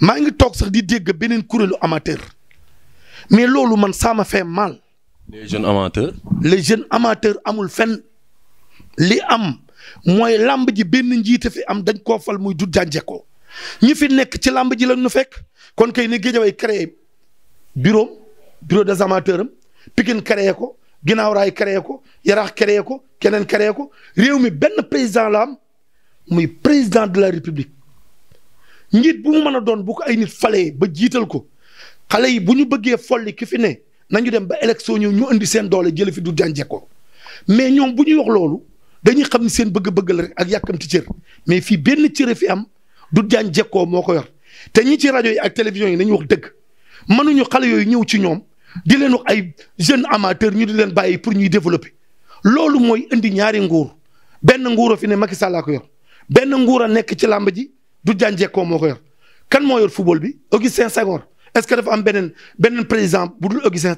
maa ngi toog sax di dégg beneen kuréelu amateur mais loolu man ça m'a mal. les jeunes amateurs. les jeunes amateurs amul fen li am mooy làmb ji benn njiite fi am dañ koo fal muy du jànjekoo ñi fi nekk ci làmb ji lañ ñu fekk kon kay ni Guédiawaye créé bureau bureau des amateurs am Pikine créé ko ginnaaw raay créé ko Yarax créé ko keneen créé ko réew mi benn président la am muy président de la république. njiit bu mu mën a doon bu ko ay nit falee ba jiital ko xale yi bu ñu bëggee folli ki fi ne nañu dem ba élection ñëw ñu indi seen doole jële fi du jànjekoo mais ñoom bu ñuy wax loolu dañuy xam ni seen bëgg-bëgg la rek ak yàkkamti cër mais fii benn cëre fi am du jànjekoo moo ko yor te ñi ci rajo yi ak télévision yi nañu wax dëgg mënuñu xale yooyu ñëw ci ñoom di leen wax ay jeunes amateurs ñu di leen bàyyi pour ñuy développer loolu mooy indi ñaari nguur benn nguur fi ne Macky Sall laa ko benn nguur a nekk ci làmb ji du jànjeekoo moo ko yor kan moo yor football bi Augustin Senghor est-ce que dafa am beneen beneen président bu dul Augustin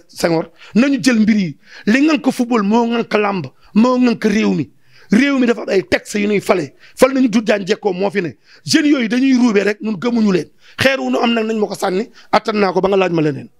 na ñu jël mbir yi li ngan ko football moo ngan ko làmb moo ngan ko réew mi réew mi dafa ay textes yu ñuy fale fal na ñu du jànjeekoo moo fi ne jeunes yooyu dañuy ruubee rek ñun gëmuñu leen xeer wu nu am na nañ ma ko sànni attan naa ko ba nga laaj ma leneen